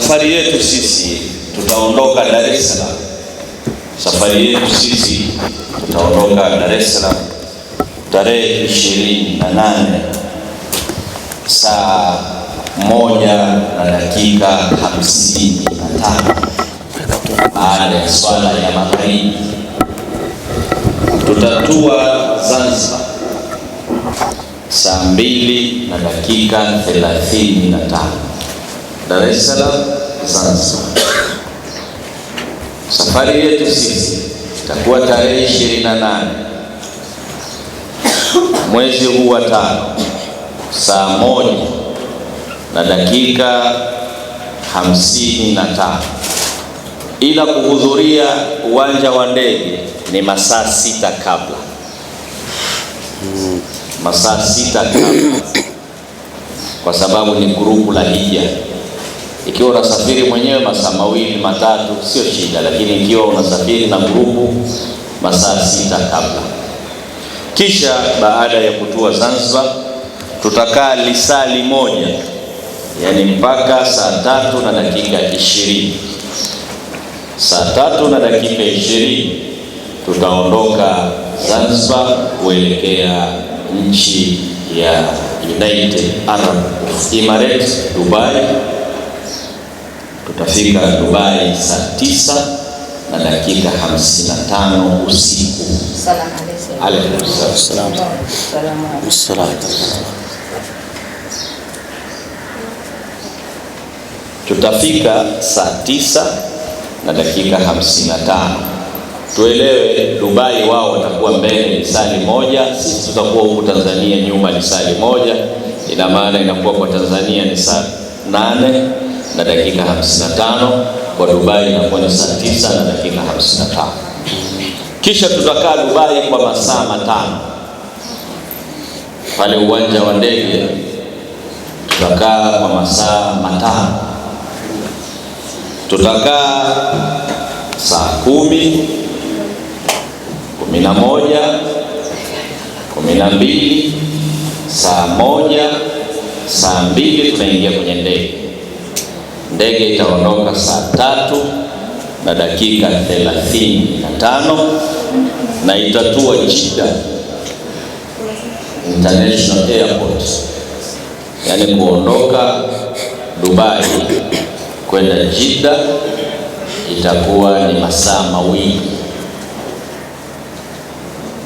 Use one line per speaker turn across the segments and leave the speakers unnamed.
Safari yetu sisi tutaondoka Dar es Salaam, safari yetu sisi tutaondoka Dar es Salaam tarehe ishirini na nane saa moja na dakika hamsini na tano baada ya swala ya magharibi tutatua Zanzibar saa mbili na dakika thelathini na tano. Dar es Salaam Zanzibar. Safari yetu sisi itakuwa tarehe 28 mwezi huu wa tano saa moja na dakika hamsini na tano ila kuhudhuria uwanja wa ndege ni masaa sita kabla, masaa sita kabla, kwa sababu ni grupu la hija. Ikiwa unasafiri mwenyewe masaa mawili matatu sio shida, lakini ikiwa unasafiri na grupu masaa sita kabla. Kisha baada ya kutua Zanzibar, tutakaa lisali moja, yaani mpaka saa tatu na dakika ishirini. Saa tatu na dakika ishirini tutaondoka Zanzibar kuelekea nchi ya United Arab Emirates Dubai utafika Dubai saa tisa na dakika 55 usiku. Tutafika saa tisa na dakika 55. Tuelewe, Dubai wao watakuwa mbele sali moja, sisi tutakuwa huku Tanzania nyuma ni sali moja. Ina maana inakuwa kwa Tanzania ni saa nane na dakika 55 kwa Dubai na kwenda saa tisa na dakika 55. Kisha tutakaa Dubai kwa masaa matano pale uwanja wa ndege, tutakaa kwa masaa matano. Tutakaa saa kumi, kumi na moja, kumi na mbili, saa moja, saa mbili tunaingia kwenye ndege. Ndege itaondoka saa tatu na dakika 35 na itatua Jeddah International Airport, yaani kuondoka Dubai kwenda Jeddah itakuwa ni masaa mawili,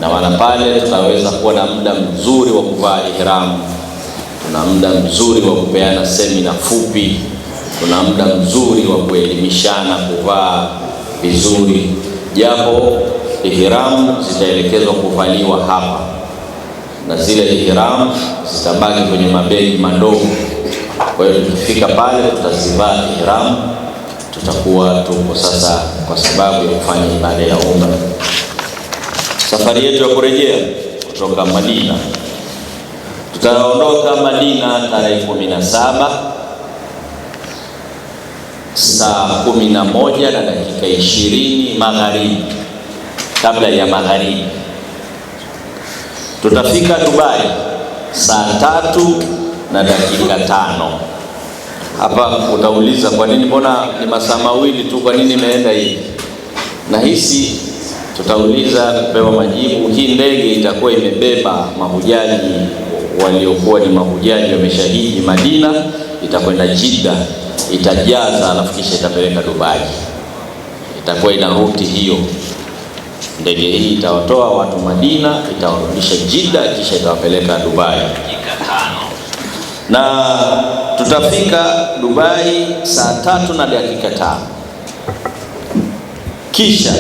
na maana pale tutaweza kuwa na muda mzuri wa kuvaa ihramu, tuna muda mzuri wa kupeana semina fupi. Tuna muda mzuri wa kuelimishana kuvaa vizuri, japo ihiramu zitaelekezwa kuvaliwa hapa na zile ihiramu zitabaki kwenye mabegi madogo. Kwa hiyo tukifika pale tutazivaa ihiramu tutakuwa tuko sasa, kwa sababu ya kufanya ibada ya umra. Safari yetu ya kurejea kutoka Madina, tutaondoka Madina tarehe kumi na saba saa kumi na moja na dakika ishirini magharibi, kabla ya magharibi. Tutafika Dubai saa tatu na dakika tano. Hapa utauliza kwa nini, mbona ni masaa mawili tu, kwa nini imeenda hivi? Nahisi tutauliza kupewa majibu. Hii ndege itakuwa imebeba mahujaji waliokuwa ni mahujaji wameshahidi Madina itakwenda Jida, itajaza alafu kisha itapeleka Dubai. Itakuwa ina ruti hiyo. Ndege hii itawatoa watu Madina, itawarudisha Jida, kisha itawapeleka Dubai na tutafika Dubai saa tatu na dakika tano. Kisha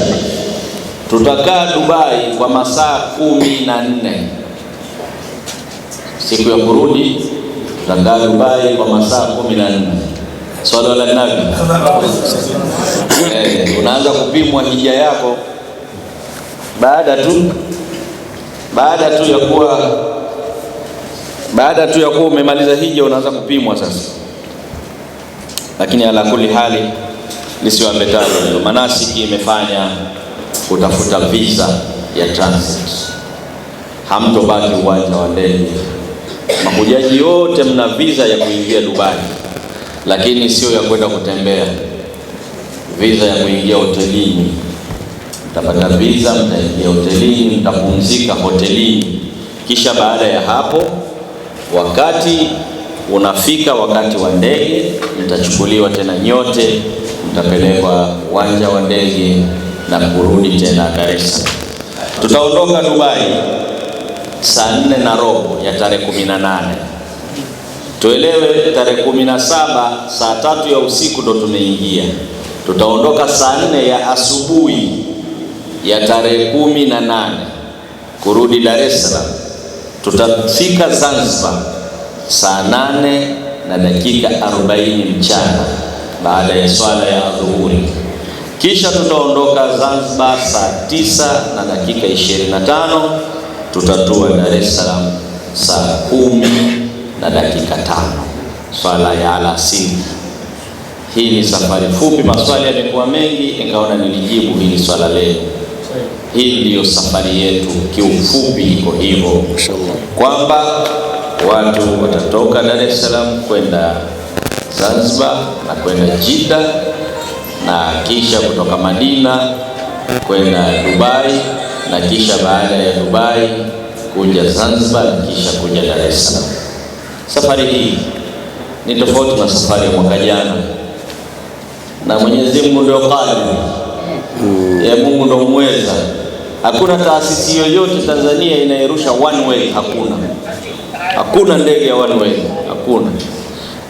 tutakaa Dubai kwa masaa kumi na nne. Siku ya kurudi Langapi bai kwa masaa kumi na nne swala la nabi eh, unaanza kupimwa hija yako baada tu baada tu ya kuwa baada tu ya kuwa umemaliza hija unaanza kupimwa sasa. Lakini ala kuli hali lisiwambetalo ndio manasiki imefanya kutafuta visa ya transit, hamtobaki uwanja wa ndege. Mahujaji yote mna visa ya kuingia Dubai, lakini sio ya kwenda kutembea. Visa ya kuingia hotelini, mtapata visa, mtaingia hotelini, mtapumzika hotelini, kisha baada ya hapo, wakati unafika wakati wa ndege, mtachukuliwa tena nyote, mtapelekwa uwanja wa ndege na kurudi tena Dar es Salaam. Tutaondoka Dubai saa nne na robo ya tarehe kumi na nane tuelewe, tarehe kumi na saba saa tatu ya usiku ndo tumeingia. Tutaondoka saa nne ya asubuhi ya tarehe kumi na nane kurudi Dar es Salaam. Tutafika Zanzibar saa nane na dakika arobaini mchana baada ya swala ya dhuhuri, kisha tutaondoka Zanzibar saa tisa na dakika tano tutatua Dar es Salaam saa kumi na dakika tano swala ya alasiri. Hii ni safari fupi, maswali yamekuwa mengi, nikaona nilijibu hili swala leo. Hii ndiyo safari yetu kiufupi, iko hivyo kwamba watu watatoka Dar es Salaam kwenda Zanzibar na kwenda Jida na kisha kutoka Madina kwenda Dubai na kisha baada ya Dubai kuja Zanzibar na kisha kuja Dar es Salaam. Safari hii ni tofauti na safari ya mwaka jana, na Mwenyezi Mungu ndio kadiri mm. ya Mungu ndio mweza. Hakuna taasisi yoyote Tanzania inayerusha one way, hakuna hakuna ndege ya one way, hakuna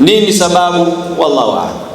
nini sababu, wallahu alam